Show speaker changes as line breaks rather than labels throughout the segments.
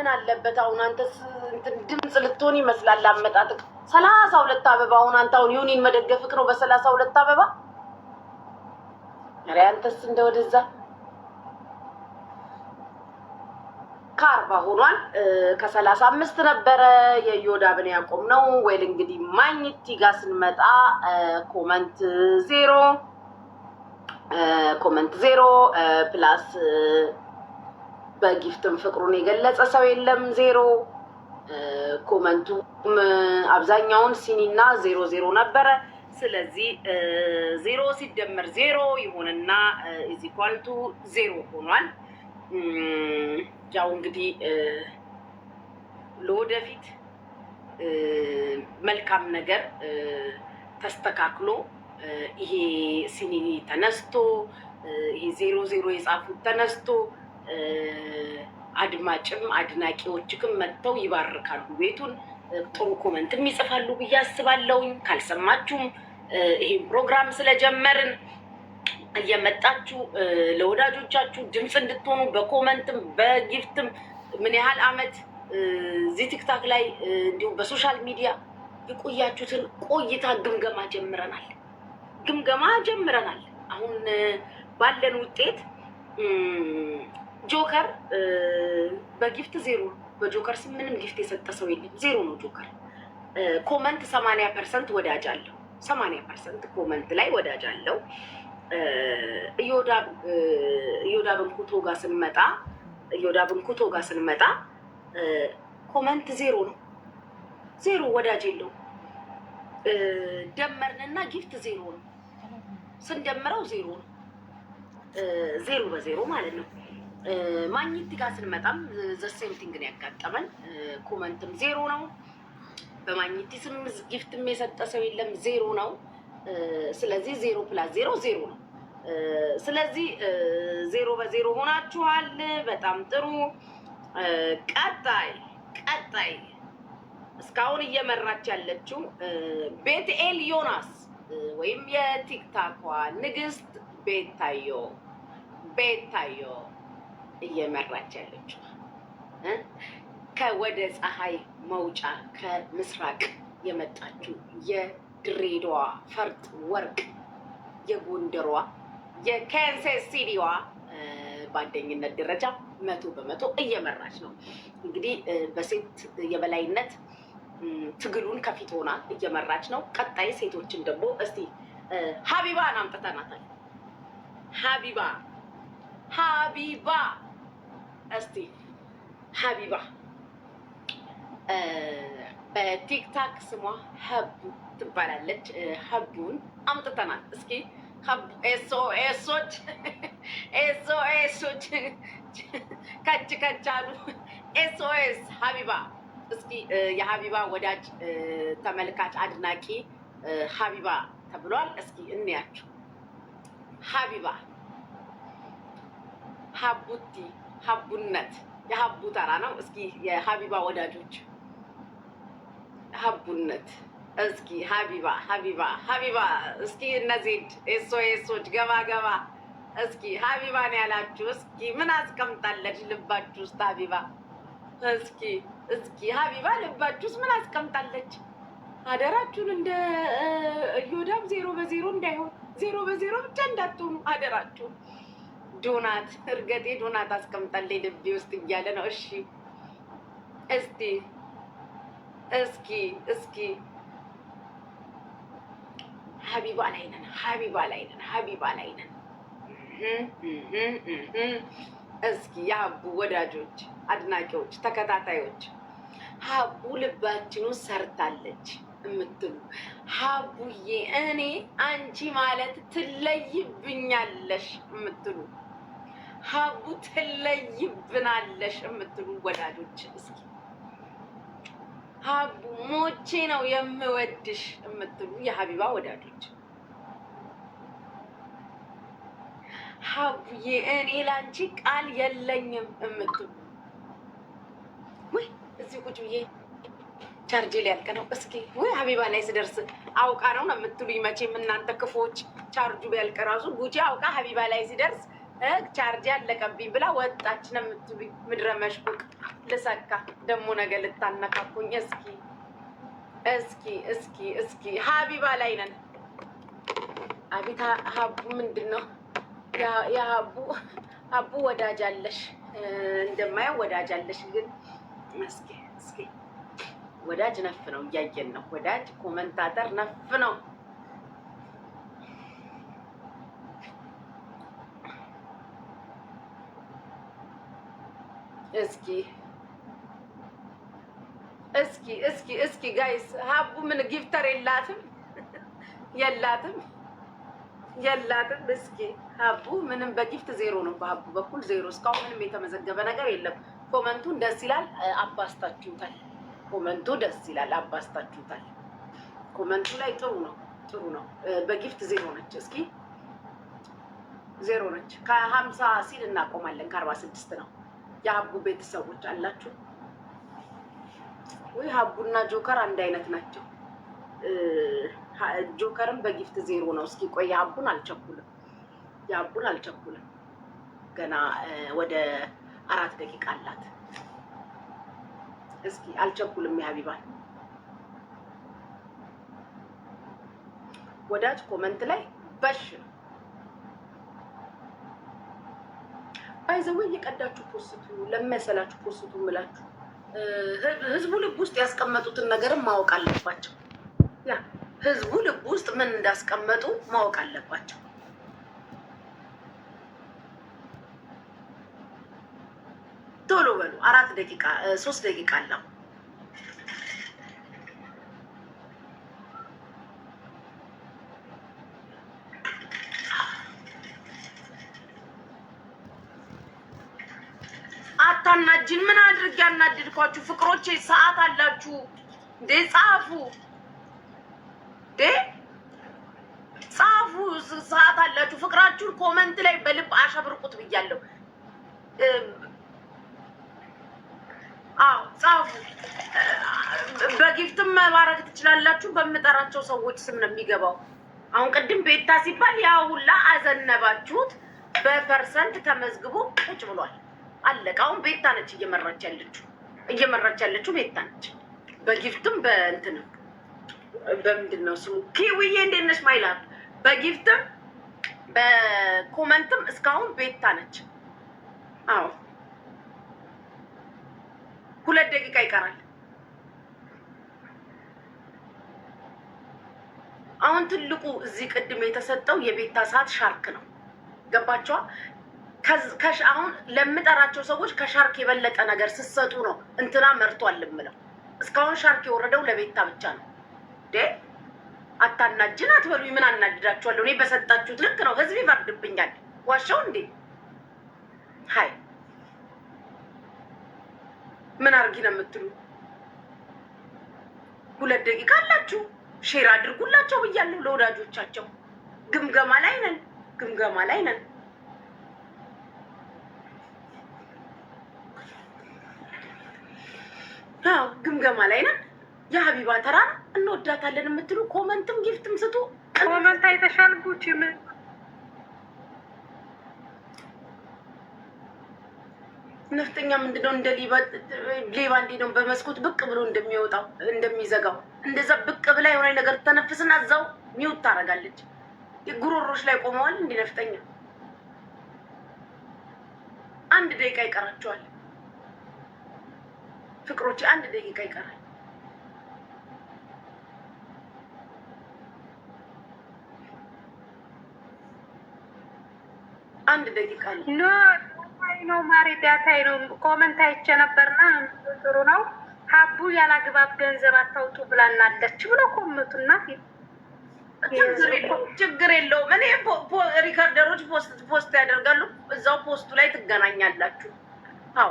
ምን አለበት አሁን አንተ ድምፅ ልትሆን ይመስላል አመጣጥቅ ሰላሳ ሁለት አበባ አሁን አንተ አሁን ዩኒን መደገፍክ ነው በሰላሳ ሁለት አበባ ኧረ አንተስ እንደ ወደዛ ከአርባ ሆኗል። ከሰላሳ አምስት ነበረ የዮዳ ብን ያቆም ነው ወይል እንግዲህ ማኝቲ ጋር ስንመጣ ኮመንት ዜሮ ኮመንት ዜሮ ፕላስ በጊፍትም ፍቅሩን የገለጸ ሰው የለም። ዜሮ ኮመንቱ አብዛኛውን ሲኒና ዜሮ ዜሮ ነበረ። ስለዚህ ዜሮ ሲደመር ዜሮ ይሆንና ኢዚኳልቱ ዜሮ ሆኗል። ያው እንግዲህ ለወደፊት መልካም ነገር ተስተካክሎ ይሄ ሲኒ ተነስቶ ይሄ ዜሮ ዜሮ የጻፉት ተነስቶ አድማጭም አድናቂዎችም መጥተው ይባርካሉ ቤቱን። ጥሩ ኮመንትም ይጽፋሉ ብዬ አስባለሁኝ። ካልሰማችሁም ይህን ፕሮግራም ስለጀመርን እየመጣችሁ ለወዳጆቻችሁ ድምፅ እንድትሆኑ በኮመንትም በጊፍትም ምን ያህል አመት እዚህ ቲክታክ ላይ እንዲሁም በሶሻል ሚዲያ የቆያችሁትን ቆይታ ግምገማ ጀምረናል ግምገማ ጀምረናል። አሁን ባለን ውጤት ጆከር በጊፍት ዜሮ ነው። በጆከር ስም ምንም ጊፍት የሰጠ ሰው የለም። ዜሮ ነው ጆከር። ኮመንት ሰማንያ ፐርሰንት ወዳጅ አለው። ሰማንያ ፐርሰንት ኮመንት ላይ ወዳጅ አለው። እዮዳብን ኩቶ ጋር ስንመጣ እዮዳብን ኩቶ ጋር ስንመጣ ኮመንት ዜሮ ነው። ዜሮ ወዳጅ የለው። ደመርንና ጊፍት ዜሮ ነው። ስንደምረው ዜሮ ነው። ዜሮ በዜሮ ማለት ነው። ማግኘት ጋር ስንመጣም ዘሴም ቲንግ ነው ያጋጠመን። ኮመንትም ዜሮ ነው። በማግኘት ስም ጊፍትም የሰጠ ሰው የለም፣ ዜሮ ነው። ስለዚህ ዜሮ ፕላስ ዜሮ ዜሮ ነው። ስለዚህ ዜሮ በዜሮ ሆናችኋል። በጣም ጥሩ። ቀጣይ ቀጣይ እስካሁን እየመራች ያለችው ቤትኤል ዮናስ ወይም የቲክታኳ ንግስት ቤታዮ ቤታዮ እየመራች ያለችው ከወደ ፀሐይ መውጫ ከምስራቅ የመጣችው የድሬዳዋ ፈርጥ ወርቅ የጎንደሯ የካንሳስ ሲቲዋ በአንደኝነት ደረጃ መቶ በመቶ እየመራች ነው። እንግዲህ በሴት የበላይነት ትግሉን ከፊት ሆና እየመራች ነው። ቀጣይ ሴቶችን ደግሞ እስቲ ሀቢባን አምጥተናታል። ሀቢባ ሀቢባ እስቲ ሀቢባ በቲክታክ ስሟ ሀቡ ትባላለች። ሀቡን አምጥተናል። እስኪ ኤስኦኤሶች ኤስኦኤሶች ከች ከች አሉ። ኤስኦኤስ ሀቢባ እስኪ የሀቢባ ወዳጅ ተመልካች አድናቂ ሀቢባ ተብሏል። እስኪ እንያቸው ሀቢባ ሀቡቲ ሀቡነት የሀቡ ተራ ነው። እስኪ የሀቢባ ወዳጆች ሀቡነት እስኪ ሀቢባ ሀቢባ ሀቢባ እስኪ እነዚህ ኤሶ ኤሶች ገባ ገባ እስኪ ሀቢባን ያላችሁ እስኪ ምን አስቀምጣለች ልባችሁ ውስጥ ሀቢባ? እስኪ እስኪ ሀቢባ ልባችሁ ውስጥ ምን አስቀምጣለች? አደራችሁን እንደ እዮዳብ ዜሮ በዜሮ እንዳይሆን ዜሮ በዜሮ ብቻ እንዳትሆኑ አደራችሁን። ዶናት እርገጤ ዶናት አስቀምጣልኝ ልቤ ውስጥ እያለ ነው። እሺ እስቲ እስኪ እስኪ ሀቢባ ላይ ነን፣ ሀቢባ ላይ ነን፣ ሀቢባ ላይ ነን። እስኪ የሀቡ ወዳጆች፣ አድናቂዎች፣ ተከታታዮች ሀቡ ልባችኑ ሰርታለች የምትሉ ሀቡዬ እኔ አንቺ ማለት ትለይብኛለሽ የምትሉ ሀቡ ትለይብናለሽ የምትሉ ወዳጆች እስኪ ሀቡ ሞቼ ነው የምወድሽ የምትሉ የሀቢባ ወዳጆች ሀቡዬ እኔ ላንቺ ቃል የለኝም የምትሉ ወይ እዚህ ቁጭ ብዬ ቻርጅ ሊያልቅ ነው። እስኪ ወይ ሀቢባ ላይ ስደርስ አውቃ ነው ነው የምትሉኝ መቼም እናንተ ክፎች። ቻርጁ ቢያልቅ ራሱ ጉቺ አውቃ ሀቢባ ላይ ሲደርስ ቻርጅ ያለቀብኝ ብላ ወጣች ነው የምትሉኝ? ምድረ መሽቁቅ ልሰካ ደግሞ ነገ ልታነካኩኝ። እስኪ እስኪ እስኪ እስኪ ሀቢባ ላይ ነን። አቤት ሀቡ ምንድን ነው የሀቡ ሀቡ ወዳጅ አለሽ እንደማየው ወዳጅ አለሽ። ግን እስኪ እስኪ ወዳጅ ነፍ ነው እያየን ነው። ወዳጅ ኮመንታተር ነፍ ነው። እስኪ እስኪ እስኪ እስኪ ጋይስ ሀቡ ምን ጊፍተር የላትም የላትም የላትም። እስኪ ሀቡ ምንም በጊፍት ዜሮ ነው፣ በሀቡ በኩል ዜሮ። እስካሁን ምንም የተመዘገበ ነገር የለም። ኮመንቱ ደስ ይላል፣ አባስታችሁታል። ኮመንቱ ደስ ይላል፣ አባስታችሁታል። ኮመንቱ ላይ ጥሩ ነው፣ ጥሩ ነው። በጊፍት ዜሮ ነች። እስኪ ዜሮ ነች። ከሀምሳ ሲል እናቆማለን። ከአርባ ስድስት ነው። የሀቡ ቤተሰቦች አላችሁ ወይ? ሀቡና ጆከር አንድ አይነት ናቸው። ጆከርም በጊፍት ዜሮ ነው። እስኪ ቆይ የሀቡን አልቸኩልም፣ የሀቡን አልቸኩልም። ገና ወደ አራት ደቂቃ አላት። እስኪ አልቸኩልም። የሀቢባል ወዳጅ ኮመንት ላይ በሽ ነው። ባይዘው እየቀዳችሁ ፖስቱ ለሚያሰላችሁ ፖስቱ ምላችሁ ህዝቡ ልብ ውስጥ ያስቀመጡትን ነገርም ማወቅ አለባቸው። ያ ህዝቡ ልብ ውስጥ ምን እንዳስቀመጡ ማወቅ አለባቸው። ቶሎ በሉ። አራት ደቂቃ ሶስት ደቂቃ አለው። አታናጅን። ምን አድርግ ያናድድኳችሁ? ፍቅሮቼ ሰዓት አላችሁ እንዴ? ጻፉ እንዴ ጻፉ። ሰዓት አላችሁ። ፍቅራችሁን ኮመንት ላይ በልብ አሸብርቁት ብያለሁ። አዎ ጻፉ። በጊፍትም መባረክ ትችላላችሁ። በምጠራቸው ሰዎች ስም ነው የሚገባው። አሁን ቅድም ቤታ ሲባል ያ ሁላ አዘነባችሁት። በፐርሰንት ተመዝግቦ ቁጭ ብሏል። አለቀ። አሁን ቤታ ነች እየመራች ያለችው እየመራች ያለችው ቤታ ነች። በጊፍትም በእንትንም በምንድን ነው ስሙ ኪዊዬ እንዴት ማይላት በጊፍትም በኮመንትም እስካሁን ቤታ ነች። አዎ ሁለት ደቂቃ ይቀራል። አሁን ትልቁ እዚህ ቅድም የተሰጠው የቤታ ሰዓት ሻርክ ነው። ገባችኋ? አሁን ለምጠራቸው ሰዎች ከሻርክ የበለጠ ነገር ስትሰጡ ነው እንትና መርቷል እምለው። እስካሁን ሻርክ የወረደው ለቤታ ብቻ ነው። አታናጅን አትበሉኝ። ምን አናድዳችኋለሁ? እኔ በሰጣችሁት ልክ ነው። ህዝብ ይፈርድብኛል። ዋሻው እንዴ ሀይ ምን አርጊ ነው የምትሉ? ሁለት ደቂቃ አላችሁ። ሼር አድርጉላቸው ብያለሁ ለወዳጆቻቸው። ግምገማ ላይ ነን፣ ግምገማ ላይ ነን። ግምገማ ላይ ነን። የሀቢባ ተራ እንወዳታለን የምትሉ ኮመንትም ጊፍትም ስጡ።
ኮመንት አይተሻል ጉቺ ምን
ነፍጠኛ ምንድን ነው? እንደ ሌባ እንዲህ ነው በመስኮት ብቅ ብሎ እንደሚወጣው እንደሚዘጋው እንደዛ ብቅ ብላ የሆነ ነገር ተነፍስና እዛው ሚውት ታደርጋለች። ጉሮሮች ላይ ቆመዋል። እንዲህ ነፍጠኛ አንድ ደቂቃ ይቀራቸዋል። ፍቅሮች አንድ ደቂቃ ይቀራል። አንድ ደቂቃ
ነው ማሪ ዳታይ ነው ኮመንት አይቼ ነበርና ጥሩ ነው። ሀቡ ያላግባብ ገንዘብ አታውጡ ብላናለች ብሎ ኮመቱና
ችግር የለውም። እኔ ሪከርደሮች ፖስት ያደርጋሉ። እዛው ፖስቱ ላይ ትገናኛላችሁ። አዎ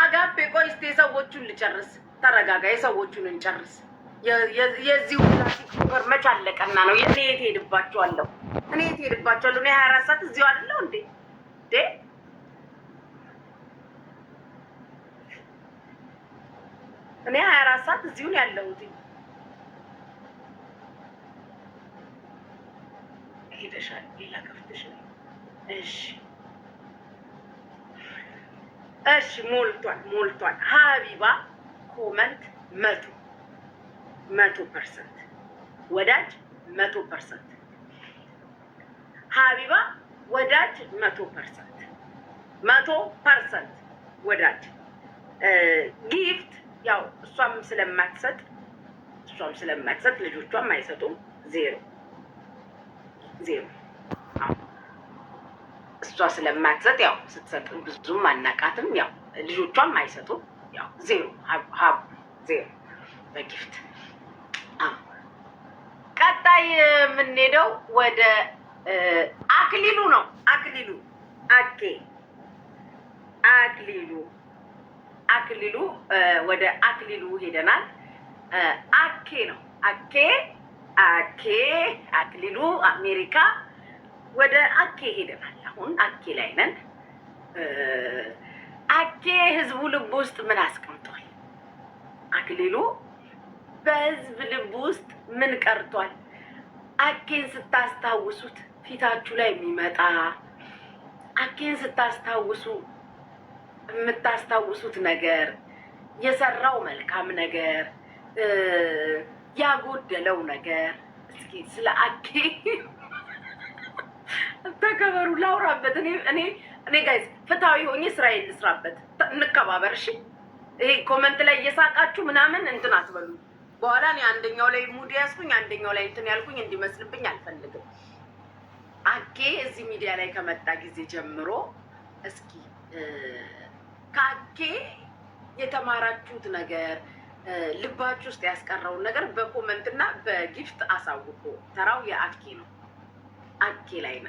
አጋፔ ቆይ እስኪ የሰዎቹን ልጨርስ። ተረጋጋ። የሰዎቹን እንጨርስ። የዚሁ ፕላስቲክ በር መች አለቀና ነው? እኔ የት ሄድባቸዋለሁ? እኔ የት ሄድባቸዋለሁ? እኔ ሀያ አራት ሰዓት እዚሁ አይደለሁ እንዴ? እንዴ እኔ ሀያ አራት ሰዓት እዚሁ ነው ያለሁት። ሄደሻል። ሌላ ከፍተሽ እሺ እሺ ሞልቷል ሞልቷል። ሀቢባ ኮመንት መቶ መቶ ፐርሰንት ወዳጅ መቶ ፐርሰንት ሀቢባ ወዳጅ መቶ ፐርሰንት መቶ ፐርሰንት ወዳጅ ጊፍት ያው እሷም ስለማትሰጥ እሷም ስለማትሰጥ ልጆቿም አይሰጡም። ዜሮ ዜሮ እሷ ስለማትሰጥ ያው ስትሰጥ ብዙም አናቃትም። ያው ልጆቿም አይሰጡም። ያው ዜሮ ሀብ ዜሮ በጊፍት ቀጣይ የምንሄደው ወደ አክሊሉ ነው። አክሊሉ አኬ አክሊሉ አክሊሉ ወደ አክሊሉ ሄደናል። አኬ ነው። አኬ አኬ አክሊሉ አሜሪካ ወደ አኬ ሄደናል። አሁን አኬ ላይ ነን። አኬ ህዝቡ ልብ ውስጥ ምን አስቀምጧል? አክሊሉ በህዝብ ልብ ውስጥ ምን ቀርቷል? አኬን ስታስታውሱት ፊታችሁ ላይ የሚመጣ አኬን ስታስታውሱ የምታስታውሱት ነገር የሰራው መልካም ነገር ያጎደለው ነገር እስኪ ስለ አኬ ተከበሩ። ላውራበት እኔ እኔ ጋይዝ ፍትሐዊ ሆኜ ስራዬን ልስራበት። እንከባበር እሺ። ይሄ ኮመንት ላይ እየሳቃችሁ ምናምን እንትን አትበሉ። በኋላ እኔ አንደኛው ላይ ሙድ ያዝኩኝ፣ አንደኛው ላይ እንትን ያልኩኝ እንዲመስልብኝ አልፈልግም። አኬ እዚህ ሚዲያ ላይ ከመጣ ጊዜ ጀምሮ እስኪ ከአኬ የተማራችሁት ነገር ልባችሁ ውስጥ ያስቀረውን ነገር በኮመንትና በጊፍት አሳውቁ። ተራው የአኬ ነው። அக்கிலைன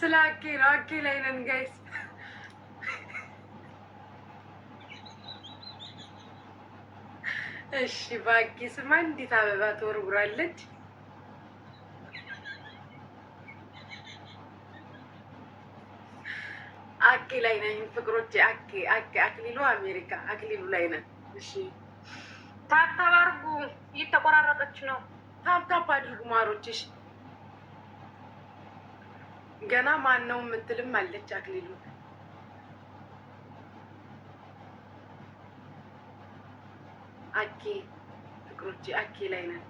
சிலாக்கி ராக்கி லைனன் கைஸ் እሺ ስማ፣ እንዴት አበባ ተወርውራለች። አኬ ላይ ነኝ ፍቅሮቼ። አኬ አኬ አክሊሉ አሜሪካ አክሊሉ ላይ ነን። እሺ
ታብታብ አድርጉ፣ እየተቆራረጠች ነው።
ታብታብ አድርጉ ማሮችሽ። ገና ማን ነው የምትልም አለች አክሊሉ አኬ ፍቅሮቼ አኬ ላይ ነን።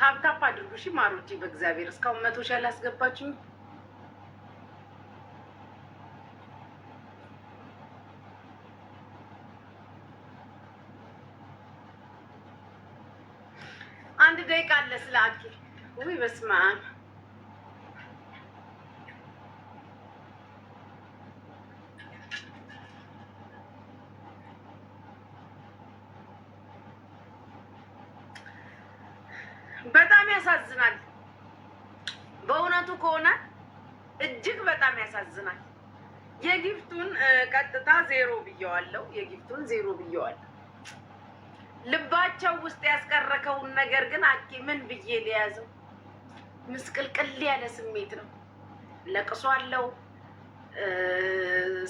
ታፕታፕ አድርጉ። እሺ ማሩቲ፣ በእግዚአብሔር እስካሁን መቶ ሺህ አላስገባችሁም። አንድ ደቂቃ አለ ስለ አኪ ውይ በስመ አብ በጣም ያሳዝናል። በእውነቱ ከሆነ እጅግ በጣም ያሳዝናል። የጊፍቱን ቀጥታ ዜሮ ብየዋለው። የጊፍቱን ዜሮ ብየዋለው። ልባቸው ውስጥ ያስቀረከውን ነገር ግን አኬ ምን ብዬ ሊያዘው ምስቅልቅል ያለ ስሜት ነው። ለቅሶ አለው፣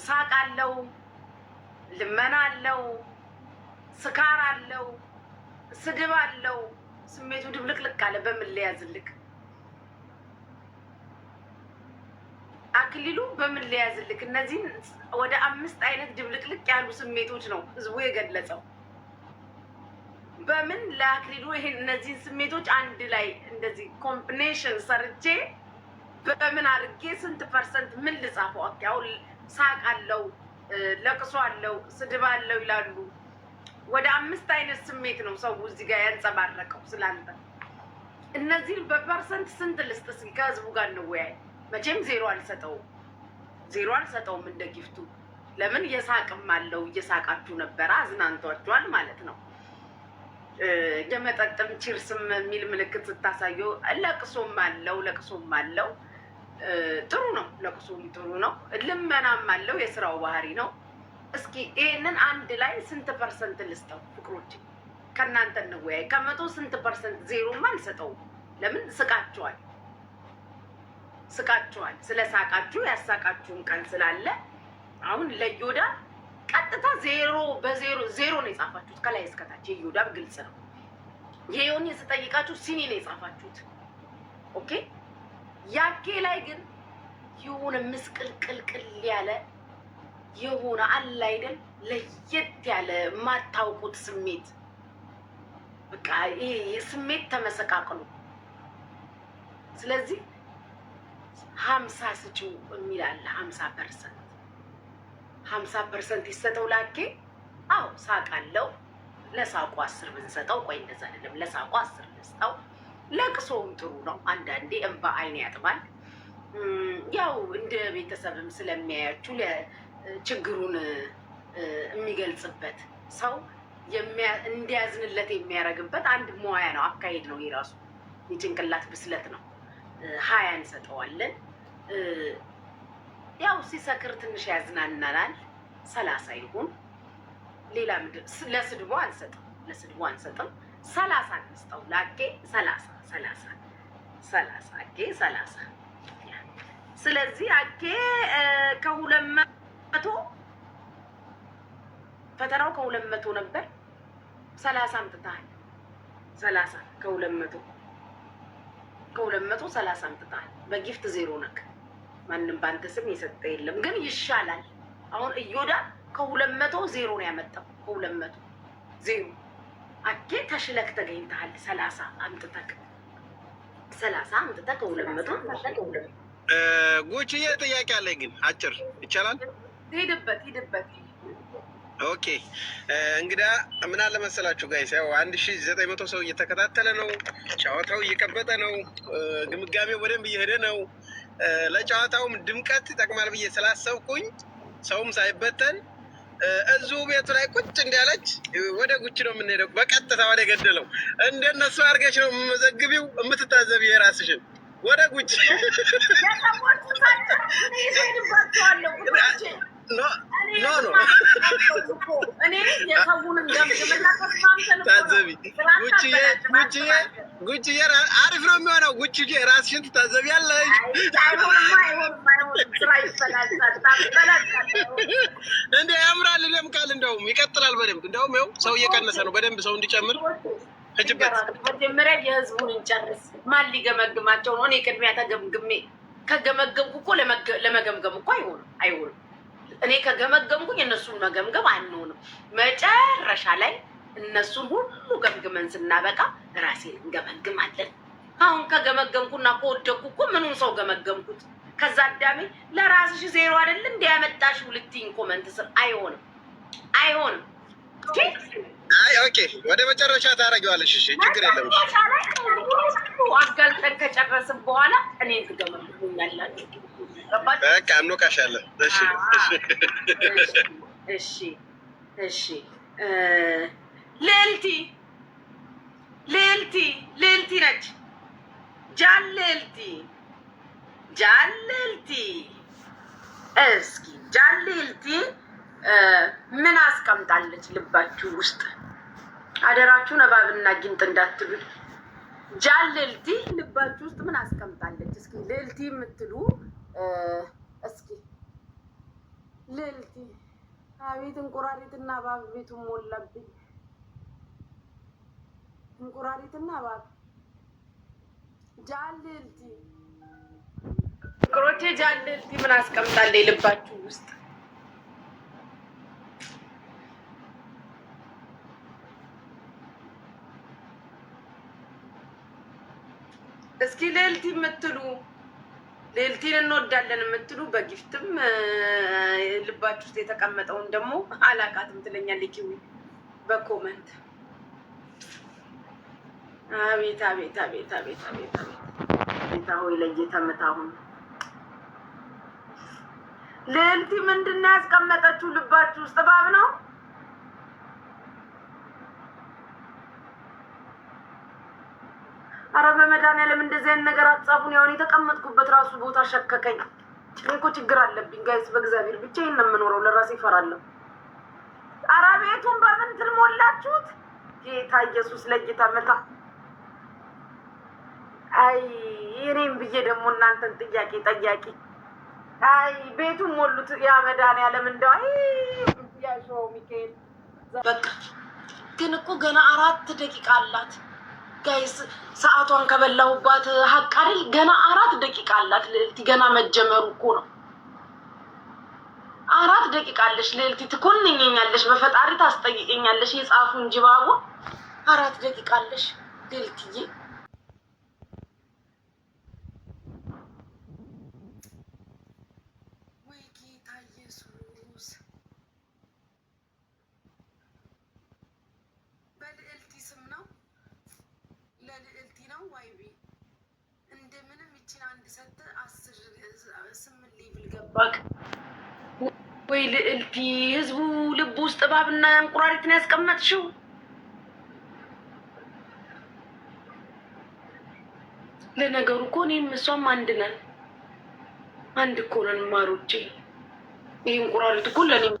ሳቅ አለው፣ ልመና አለው፣ ስካር አለው፣ ስድብ አለው። ስሜቱ ድብልቅልቅ አለ። በምን ሊያዝልክ አክሊሉ፣ በምን ሊያዝልቅ? እነዚህን ወደ አምስት አይነት ድብልቅልቅ ያሉ ስሜቶች ነው ህዝቡ የገለጸው። በምን ለአክሊሉ ይሄን እነዚህን ስሜቶች አንድ ላይ እንደዚህ ኮምቢኔሽን ሰርቼ በምን አድርጌ ስንት ፐርሰንት ምን ልጻፈው? አሁን ሳቅ አለው፣ ለቅሶ አለው፣ ስድብ አለው ይላሉ ወደ አምስት አይነት ስሜት ነው ሰው እዚህ ጋር ያንጸባረቀው ስላንተ። እነዚህን በፐርሰንት ስንት ልስጥ እስኪ ከህዝቡ ጋር እንወያይ። መቼም ዜሮ አልሰጠውም፣ ዜሮ አልሰጠውም እንደ ጊፍቱ። ለምን የሳቅም አለው እየሳቃችሁ ነበረ፣ አዝናንቷችኋል ማለት ነው። የመጠጥም ቺርስም የሚል ምልክት ስታሳየው ለቅሶም አለው፣ ለቅሶም አለው። ጥሩ ነው፣ ለቅሶም ጥሩ ነው። ልመናም አለው፣ የስራው ባህሪ ነው። እስኪ ይህንን አንድ ላይ ስንት ፐርሰንት ልስጠው? ፍቅሮች ከእናንተ እንወያይ። ከመቶ ስንት ፐርሰንት? ዜሮም አልሰጠውም። ለምን? ስቃችኋል፣ ስቃችኋል። ስለ ሳቃችሁ ያሳቃችሁን ቀን ስላለ አሁን ለዮዳ ቀጥታ ዜሮ በዜሮ ዜሮ ነው የጻፋችሁት ከላይ እስከታች። የዮዳ ግልጽ ነው። የዮኒ ስጠይቃችሁ ሲኒ ነው የጻፋችሁት። ኦኬ ያኬ ላይ ግን የሆነ ምስቅልቅልቅል ያለ የሆነ አለ አይደል ለየት ያለ የማታውቁት ስሜት በቃ ይሄ ስሜት ተመሰቃቅሎ ስለዚህ ሀምሳ ስጪው የሚል አለ። ሀምሳ ፐርሰንት ሀምሳ ፐርሰንት ይሰጠው ላኬ። አዎ ሳቃለው ለሳቁ አስር ብንሰጠው፣ ቆይ እንደዛ አይደለም ለሳቁ አስር ብንሰጠው፣ ለቅሶውም ጥሩ ነው። አንዳንዴ እንባ አይን ያጥባል። ያው እንደ ቤተሰብም ስለሚያያችሁ ችግሩን የሚገልጽበት ሰው እንዲያዝንለት የሚያደርግበት አንድ መዋያ ነው፣ አካሄድ ነው። የራሱ የጭንቅላት ብስለት ነው። ሀያ እንሰጠዋለን። ያው ሲሰክር ትንሽ ያዝናናናል። ሰላሳ ይሁን ሌላ ለስድቦ አንሰጥም፣ ለስድቦ አንሰጥም። ሰላሳ እንስጠው ላኬ ሰላሳ ሰላሳ ሰላሳ አኬ ሰላሳ ስለዚህ አኬ ከሁለት መቶ ፈተናው ከሁለት መቶ ነበር። ሰላሳ አምጥተሃል። ሰላሳ ከሁለት መቶ ከሁለት መቶ ሰላሳ አምጥተሃል። በጊፍት ዜሮ ነክ ማንም በአንተ ስም የሰጠ የለም፣ ግን ይሻላል። አሁን እዮዳ ከሁለት መቶ ዜሮ ነው ያመጣው። ከሁለት መቶ ዜሮ አኬ ተሽለክ ተገኝተሃል። ሰላሳ አምጥተክ ሰላሳ አምጥተክ ከሁለት መቶ
ጉችዬ ጥያቄ አለኝ ግን አጭር ይቻላል
ሄድበት ሄድበት።
ኦኬ እንግዳ ምን አለ መሰላችሁ ጋይስ፣ ያው አንድ ዘጠኝ መቶ ሰው እየተከታተለ ነው። ጨዋታው እየቀበጠ ነው። ግምጋሜው በደንብ እየሄደ ነው። ለጨዋታውም ድምቀት ይጠቅማል ብዬ ስላሰብኩኝ ሰውም ሳይበተን እዙ ቤቱ ላይ ቁጭ እንዳለች ወደ ጉች ነው የምንሄደው፣ በቀጥታ ወደ ገደለው። እንደነሱ አድርገሽ ነው የምመዘግቢው የምትታዘቢ የራስሽን ወደ ጉች ጉቺዬ አሪፍ ነው የሚሆነው። ጉቺዬ ራስሽን ትታዘቢያለሽ። እንደ ያምራል፣ ይደምቃል። እንደውም ይቀጥላል በደንብ እንደውም ይኸው ሰው እየቀነሰ ነው። በደንብ ሰው እንዲጨምር እጅበት
መጀመሪያ የህዝቡን እንጨርስ። ማን ሊገመግማቸው ነው? እኔ ቅድሚያ ተገምግሜ ከገመገምኩ እኮ ለመገምገም እኮ አይሆንም አይሆንም እኔ ከገመገምኩኝ እነሱን መገምገም አንሆንም። መጨረሻ ላይ እነሱን ሁሉ ገምግመን ስናበቃ ራሴን እንገመግማለን። አሁን ከገመገምኩና ከወደኩ እኮ ምኑን ሰው ገመገምኩት? ከዛ አዳሜ ለራስሽ ዜሮ አይደል እንዲያመጣሽ ሁልቲኝ ኮመንት ስር አይሆንም፣ አይሆንም።
ኦኬ ወደ መጨረሻ ታደርጊዋለሽ። እሺ ችግር የለም።
አጋልጠን ከጨረስን በኋላ እኔን ትገመግሙኛላችሁ።
በቃ እንወቃሻለን። እሺ
እሺ እሺ። ልዕልቲ ልዕልቲ ልዕልቲ ነች። ጃን ልዕልቲ ጃን ልዕልቲ እስኪ ጃን ልዕልቲ ምን አስቀምጣለች ልባችሁ ውስጥ? አደራችሁን እባብና ጊንጥ እንዳትሉ። ጃን ልዕልቲ ልባችሁ ውስጥ ምን አስቀምጣለች? እስኪ ልዕልቲ የምትሉ እስኪ ልልቲ አቤት እንቁራሪትና እባብ ቤቱን ሞላብኝ። እንቁራሪትና እባብ ጃልልቲ ልዕልቲ ፍቅሮቼ ምን አስቀምጣል ልባችሁ ውስጥ እስኪ ልልቲ የምትሉ ልዕልቴን እንወዳለን የምትሉ በጊፍትም ልባችሁ ውስጥ የተቀመጠውን ደግሞ አላቃትም ትለኛለች ኪዊ በኮመንት አቤት አቤት አቤት አቤት አቤት አቤት ሆይ ለየተምታሁን መታሁን ልዕልቲ ምንድን ነው ያስቀመጠችው ልባችሁ ውስጥ እባብ ነው። አረ በመድኃኒዓለም እንደዚህ አይነት ነገር አጻፉን። ያሁን የተቀመጥኩበት ራሱ ቦታ ሸከከኝ። እኮ ችግር አለብኝ ጋይስ። በእግዚአብሔር ብቻ ይህን የምኖረው ለራሴ ይፈራለሁ። አረ ቤቱን በምን ሞላችሁት ጌታ ኢየሱስ ለጌታ መታ። አይ እኔም ብዬ ደግሞ እናንተን ጥያቄ ጠያቂ። አይ ቤቱን ሞሉት። ያ መድኃኒዓለም እንደው አይ ያሾ ሚካኤል በቃ ግን እኮ ገና አራት ደቂቃ አላት። ጋይስ ሰዓቷን ከበላሁባት ሀቅ አይደል? ገና አራት ደቂቃ አላት ልዕልቲ። ገና መጀመሩ እኮ ነው። አራት ደቂቃ አለሽ ልዕልቲ። ትኮንኝኛለሽ፣ በፈጣሪ ታስጠይቀኛለሽ። የጻፉን ጅባቡ አራት ደቂቃ አለሽ ልዕልትዬ። ስም ሌቭል ገባክ ወይ ልዕልቲ? ህዝቡ ልብ ውስጥ እባብና እንቁራሪት ነው ያስቀመጥሽው። ለነገሩ እኮ እኔም እሷም አንድ ነን። አንድ እኮ ነን ማሮቼ። ይህ እንቁራሪት እኮ ለእኔ